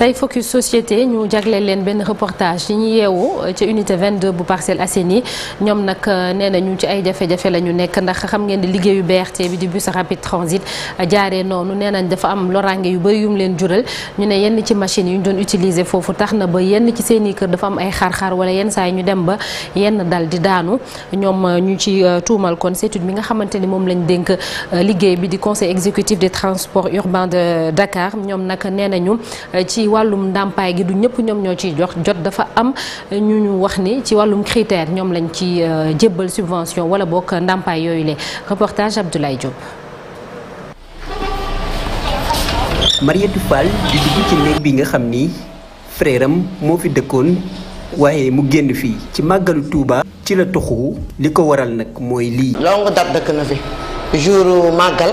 tey focus société ñu jagle leen benn reportage yi ñu yeewu ci unité 22 bu Parcelles Assainies ñoom nag euh, nee ñu ci ay jafe-jafe la ñu nekk ndax xam ngeen di liggéeyu tee bi di bus rapide transit euh, jaare noonu nee nañ dafa am loraange yu bëri yum leen jural ñu ne yenn ci machine yu ñu doon utiliser foofu tax na ba yenn ci seeni kër dafa am ay xar-xar wala yenn saa ñu dem ba yenn daal di daanu ñoom euh, ñu ci tuumal kon étude bi nga xamante ni moom lañ dénk liggéey bi di conseil exécutif des transports urbains de Dakar ñoom nag nee nañu wàllum ndàmpaay gi du ñëpp ñoom ñoo ciy jox jot dafa am ñu ñu wax ni ci wàllum critère ñoom lañ ci euh, jébbal subvention wala bokk ndàmpaay yooyu le reportage Abdoulaye Diop. Mariétou Fall di ci néeg bi nga xam ni frère moo fi dëkkoon waaye mu génn fii ci màggalu Touba. ci la toxu li ko waral nag mooy lii. longue date dëkk na fi jour màggal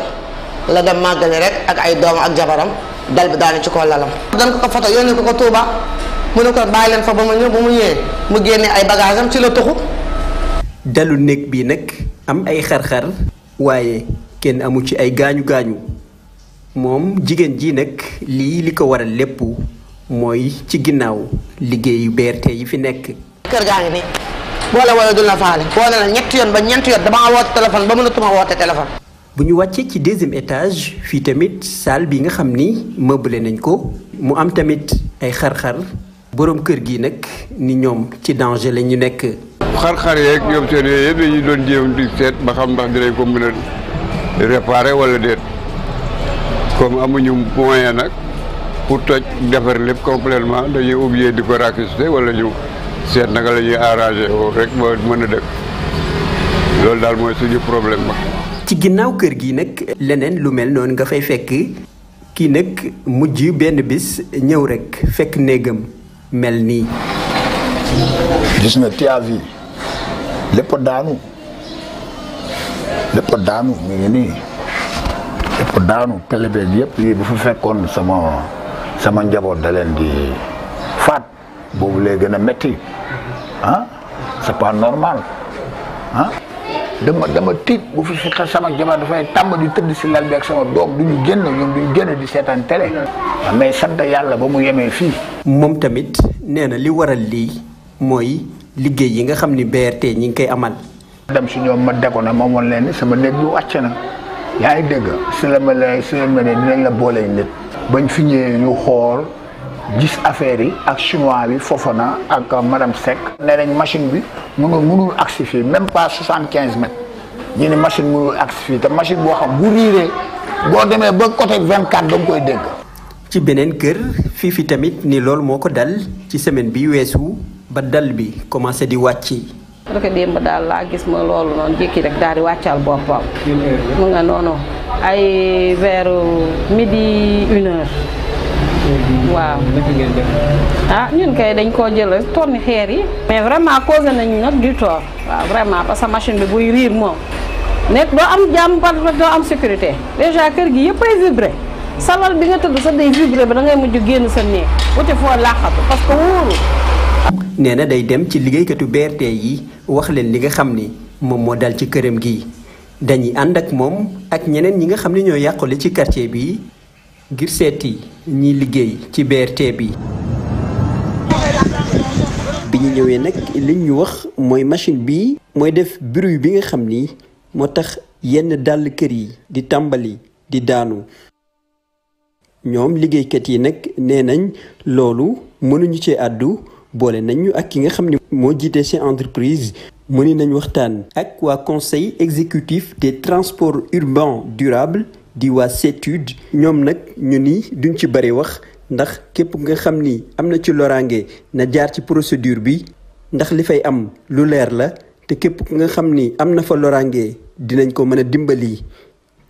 la dem màggali rek ak ay doom ak jabaram. dal bi daanu ci kaw lalam dañ ko ko photo yónnee ko ko Touba mu ne ko bàyyi leen fa ba mu ñëw ba mu ñëwee mu génnee ay bagage am ci la tuxu dalu néeg bi nag am ay xar-xar waaye kenn amu ci ay gaañu gaañu moom jigéen ji nag lii li ko waral lépp mooy ci ginnaaw liggéeyu te yi fi nekk kër gaa ngi nii boo la a du la faale boo la ñetti yoon ba ñeenti yoon damaa woote téléphone ba mënatuma woote téléphone bu ñu wàccee ci deuxième étage fii tamit salle bi nga xam ni mëbble nañ ko mu am tamit ay xar-xar boroom kër gi nag ni ñoom ci danger la ñu nekk. xar-xar yeeg ñoom seen yooyu yëpp dañuy doon jéem di seet ba xam ndax dinañ ko mën a réparer wala déet comme amuñu moyen nag pour toj defar lépp complètement dañuy obligé di ko racciste wala ñu seet naka la ñuy arrangé rek ba mën a dëkk loolu daal mooy suñu problème ba. ci ginnaaw kër gi nag leneen lu mel noonu nga fay fekk kii nag mujj benn bis ñëw rekk fekk néegam mel nii. gis nga tiyaas yi lépp daanu lépp daanu mu ngi nii lépp daanu pelebeel yëpp yii bu fa fekkoon sama sama njaboot da di faat boobu lay gën a métti ah c'est pas normal ah. dama dama tiit bu fi si sama jabar dafay tàmba di tëdd si lal bi ak sama doom du ñu génn ñoom du génn di seetaan télé ah, mais sant yàlla ba mu yemee fii. moom tamit nee na li waral lii mooy liggéey yi nga xam ni BRT ñi ngi koy amal. dem si ñoom ma dego na ma woon leen sama néeg bi wàcc na yaa ngi dégg si la ma la si la ma ne dinañ la boole nit bañ fi ñëwee ñu xool. gis affaire yi ak chinois bi Fofana ak madame Seck nee nañ machine bi mënul mënul agsi fii machine mënul agsi fii te machine boo xam bu riiree boo demee ba côté vingt quatre da koy dégg. ci beneen kër fii fii tamit ni loolu moo ko dal ci semaine bi weesu ba dal bi commencé di wàcc. rek démb daal laa gis ma loolu noonu jékki rek daal di wàccal boppam. mu nga noonu ay vers midi une heure. waaw naka ngeen def. Ah, ñun kay dañ koo jël ton xeer yi. mais vraiment causé nañu nag du tort waaw vraiment parce que machine bi buy riir moom nekk doo am jàmm ba doo am sécurité déjà kër gi yëpp ay vibré salal bi nga tëdd sa day vibré ba da ngay mujj génn sa néeg wuti foo laaxatu parce que wóoru. nee na day dem ci liggéeykatu BRT yi wax leen li nga xam ni moom moo dal ci këram gi dañuy ànd ak moom ak ñeneen ñi nga xam ne ñoo yàqule ci quartier bi ngir seeti. ñi liggéey ci beer teeb yi bi ñu ñëwee nag li ñu wax mooy machine bi mooy def bruit bi nga xam ni moo tax yenn dàll kër yi di tàmbali di daanu. ñoom liggéeykat yi nag nee nañ loolu mënuñu ci àddu boole nañu ak ki nga xam ni moo jiite seen entreprise mëni nañ waxtaan ak waa conseil exécutif des transport urbains durable di waa CETUD ñoom nag ñu ni duñ ci bari wax ndax képp nga xam ni am na ci loraange na jaar ci procédure bi ndax li fay am lu leer la te képp nga xam ni am na fa loraange dinañ ko mën a dimbali.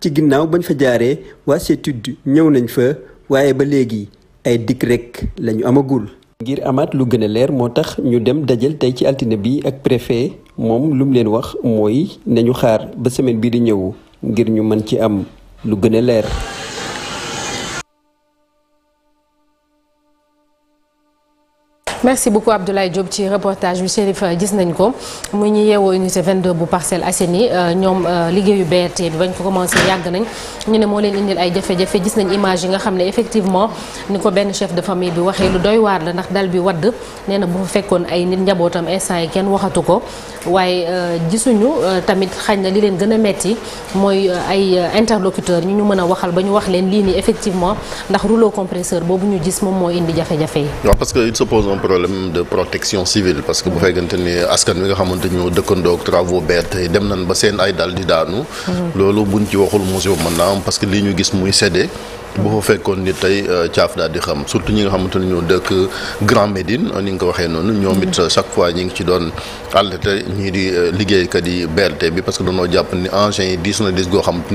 ci ginnaaw bañ fa jaaree waa CETUD ñëw nañ fa waaye ba léegi ay dikk rek lañu amagul. ngir amaat lu gën a leer moo tax ñu dem dajal tey ci altine bi ak préfet moom lu mu leen wax mooy nañu xaar ba semaine bii di ñëw ngir ñu mën ci am. lu gën a leer merci beaucoup Abdoulaye Diop ci reportage bi Chérif euh, gis nañ ko mu ñu yeewoo unité 22 bu Parcelles Assainies euh, ñoom euh, liggéeyu BRT bi bañ ko commencé yàgg nañ ñu ne moo leen indil ay jafe-jafe gis nañ image yi nga xam ne effectivement ni ko benn chef de famille bi waxee lu doy waar la ndax dal bi wadd nee na bu fa fekkoon ay nit njabootam instant yi kenn waxatu ko waaye gisuñu tamit xañ na li leen gën a metti mooy ay interlocuteurs ñu ñu mën a waxal ba ñu wax leen lii nii effectivement ndax rouleau compresseur boobu ñu gis moom moo indi jafe-jafe problème de protection civile parce que bu fekkente ni askan wi nga xamante ñoo dëkkandoo ak travaux yi dem nañ ba seen ay dal di daanu hmm. loolu buñ ci waxul musio mën naa am parce que li ñu gis muy séddee bu fa fekkoon ni tey caaf euh, daal di xam surtout ñi nga xamante ñoo dëkk Grand Médine euh, ni nga waxee noonu. ñoom it euh, chaque fois ñi na diis goo hmm.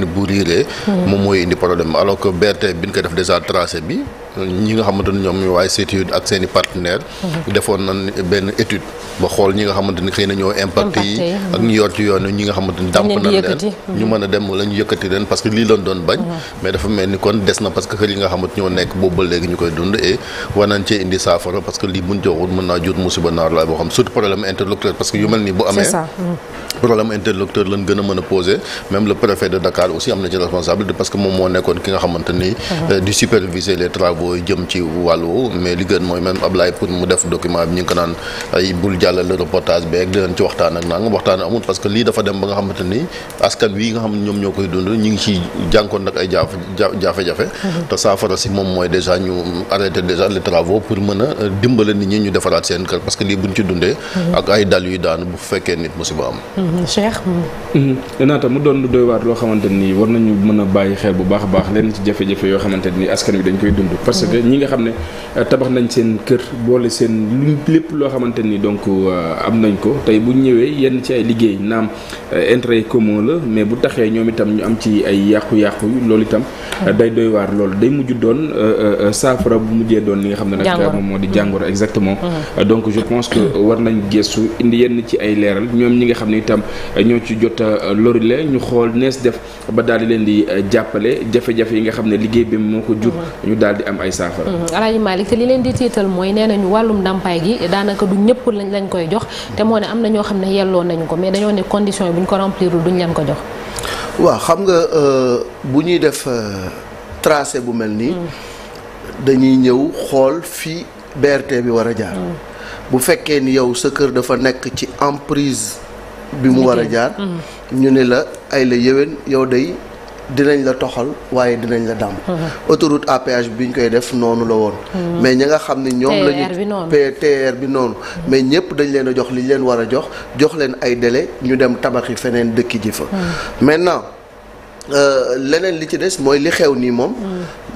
nga xamante ñoom ñooy waaye CETUD ak seen i partenaires. Hmm. defoon nañ benn étude ba xool ñi nga xamante ni ñoo impact yi hmm. ak ñu yor ci yoon ñi nga xamante dàmp nañ leen ñu mën a dem wala yëkkati leen parce que lii lañ doon bañ mais dafa mel ni kon des na parce que li nga xamante ñoo nekk boobu léegi ñu koy dund et war nañ indi saafara parce que lii buñ joxul mën naa jur musiba naar la boo xam surtout problème interlocuteur parce que yu mel nii bu amee problème interlocuteur lañ gën a mën a poser même le préfet de Dakar aussi am na ci responsabilité parce que moom moo nekkoon ki nga xamante ah. euh, di superviser les travaux yi jëm ci wàllu mais li gën mooy même Ablaye pour mu def document bi ñu ngi ci jànkoon nag ay jaaf jafe mm-hmm. te saafara si moom mooy déjà ñu arrêté déjà les travaux pour mën a euh, dimbale nit ñi ñu defaraat seen kër parce que lii buñ ci dundee. Mm-hmm. ak ay dal yuy daanu bu fekkee nit musiba Cheikh. Mhm. naata mu doon lu doy loo xamante nii war nañu mën a bàyyi xel bu baax a baax lenn ci jafe-jafe yoo xamante ni askan wi dañ koy dund. parce que ñi nga xam ne euh, tabax nañ seen kër boole seen lu lépp loo xamante nii donc euh, am nañ ko tey bu ñëwee yenn ci ay liggéey naam euh, intérêt commun la mais bu taxee ñoom itam ñu am ci ay yàqu-yàqu loolu itam. day doy waar loolu day mujj doon saafara bu mujjee doon li nga xam ne nag. moom moo di jàngoro exactement. Mhm. donc je pense que war nañ gëstu indi ci ay ñoo ci jot a lorile ñu xool nees def ba daal di leen di euh, jàppale jafe-jafe yi nga xam ne liggéey bi moo ko jur mhm. ñu daal di am ay saafara mhm. alaaji Malick te li leen di tiital mooy nee nañu wàllum ndàmpaay gi daanaka du ñëpp lañ lañ koy jox te moo ne am na ñoo xam ne yelloo nañu ko mais dañoo ne condition yi bu ñu ko remplirul duñ leen ko jox waaw xam nga euh, bu ñuy def euh, tracé bu mel nii mhm. dañuy ñëw xool fii BRT bi war a jaar bu fekkee ni yow sa kër dafa nekk ci emprise bi mu war a jaar mm-hmm. ñu ne la ay la yéwén yow day dinañ la toxal waaye dinañ la dàmb mm-hmm. autoroute à bi ñu koy def noonu la woon mm-hmm. mais ñi nga xam ne ñoom lañu PTR bi noonu mais ñëpp dañ leen a jox li leen war a jox jox leen ay dele ñu dem tabaxi feneen dëkki ji fa maintenant euh, leneen li ci des mooy li xew nii moom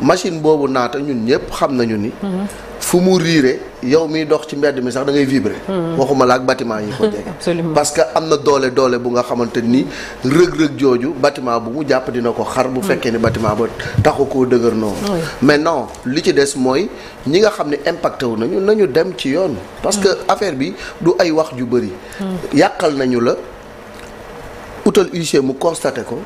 machine boobu naata ñun ñëpp xam nañu ni fu mu riire yow mi dox ci mbedd mi sax da ngay vibrer. Hmm. waxuma laa ak bâtiment yi ko jege. parce que am na doole doole bu nga xamante ni rëg-rëg jooju bâtiment bu mu jàpp dina ko xar. bu hmm. fekkee ni bâtiment ba taxu koo dëgër noonu. maintenant li ci des mooy ñi nga xam ne impacté wu nañu nañu dem ci yoon. parce que hmm. affaire bi du ay wax ju bëri. yàqal nañu la utal huissier mu constaté ko.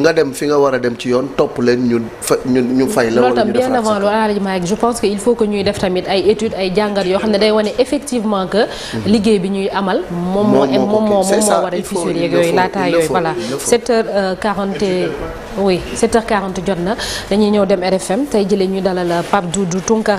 nga dem fi nga war a dem ci yoon topp leen ñu fa ñu ñu fay la. wala ñu def bien avant loolu je pense que il faut que ñuy def tamit ay études ay jàngat yoo xam ne day wane effectivement que. Mhm. liggéey bi ñuy amal. moom moo moom moo moo waral fissure yeeg yooyu laataa yooyu voilà. 7h40 euh, oui 7h40 jot na dañuy ñëw dem RFM tey jëlee ñu dalal Pape du Tunkara